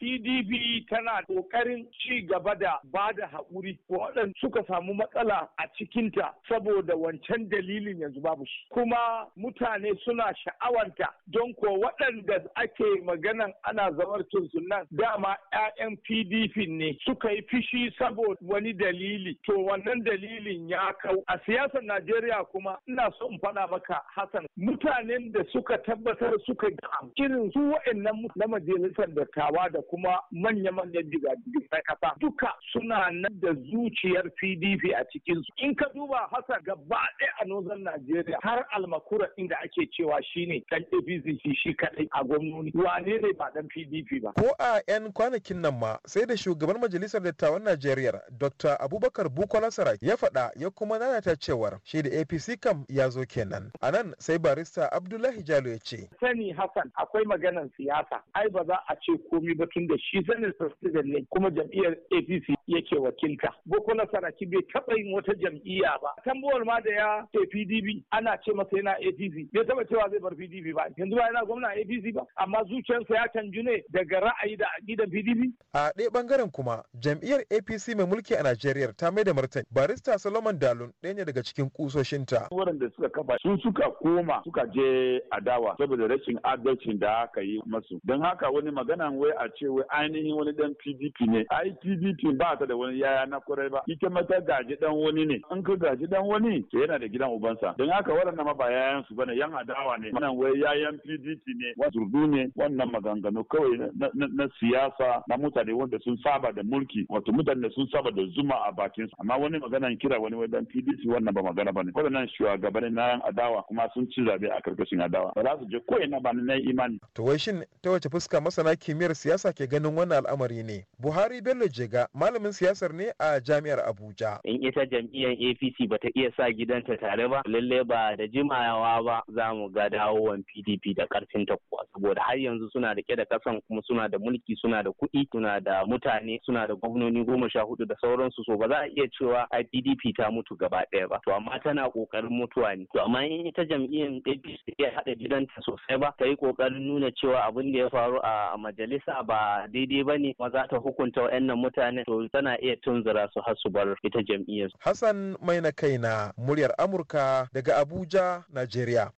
PDP tana ƙoƙarin ci gaba da ba da haƙuri waɗanda suka samu matsala a cikinta saboda wancan dalilin yanzu babu shi. Kuma mutane suna sha'awarta, don ko waɗanda ake magana ana zamar nan dama 'ya'yan PDP ne suka yi fishi saboda wani dalili. To wannan dalilin ya kau. A siyasar Najeriya kuma ina so in faɗa maka Hassan mutanen da suka tabbatar suka irin su wa'annan na majalisar dattawa da kuma manya-manyan jiga na kasa duka suna nan da zuciyar pdp a cikinsu in ka duba hasa gaba ɗaya a Northern najeriya har almakura inda ake cewa shine dan apc shi shi kaɗai a gwamnoni wane ne ba ɗan pdp ba ko a 'yan kwanakin nan ma sai da shugaban majalisar dattawan najeriya dr abubakar bukola Saraki ya faɗa ya kuma nanata cewar shi da apc kam ya zo kenan a nan sai ba barista Abdullahi Jalo ya ce. Sani Hassan akwai maganan siyasa ai ba za a ce komi ba tun da shi sanin president ne kuma jam'iyyar APC yake wakilta. Boko Saraki bai taɓa yin wata jam'iyya ba. Tambuwar ma da ya ce PDP ana ce masa yana APC bai taɓa cewa zai bar PDP ba yanzu ba yana gwamna APC ba amma zuciyarsa ya canju ne daga ra'ayi da aƙidan PDP. A ɗaya ɓangaren kuma jam'iyyar APC mai mulki a Najeriya ta mai da martani barista Solomon Dalun ɗaya ne daga cikin kusoshinta. Waɗanda suka kafa sun suka koma suka je adawa saboda rashin adalcin da aka yi masu don haka wani magana wai a ce wai ainihin wani dan PDP ne ai PDP ba ta da wani yaya na kurai ba ita mata gaji dan wani ne in ka gaji dan wani to yana da gidan ubansa don haka waɗannan ma ba yayan su bane yan adawa ne wannan wai yayan PDP ne wazurdu ne wannan maganganu kawai na siyasa na mutane wanda sun saba da mulki wato mutane sun saba da zuma a bakin su amma wani maganan kira wani wai dan PDP wannan ba magana bane waɗannan shugabanni na adawa kuma sun ci zabe a karkashin adawa ba za su je ko ina ba na imani to wai shin ta wace fuska masana kimiyyar siyasa ke ganin wannan al'amari ne Buhari Bello Jega malamin siyasar ne a jami'ar Abuja in ita jam'iyyar APC ba ta iya sa gidanta tare ba lalle ba da jimawa ba za mu ga dawowan PDP da karfin ta kuwa saboda har yanzu suna da da kasan kuma suna da mulki suna da kuɗi suna da mutane suna da gwamnoni goma sha hudu da sauransu so ba za a iya cewa IPDP ta mutu gaba ɗaya ba to amma tana ƙoƙarin mutuwa ne to amma in ita jam'iyyar ibrahim su iya haɗa gidanta sosai ba ta yi ƙoƙarin nuna cewa abin da ya faru a majalisa ba daidai ba ne maza ta hukunta wa'annan mutane to tana iya tunzura su har su bar ita jam'iyyar. hassan mai na kaina muryar amurka daga abuja najeriya.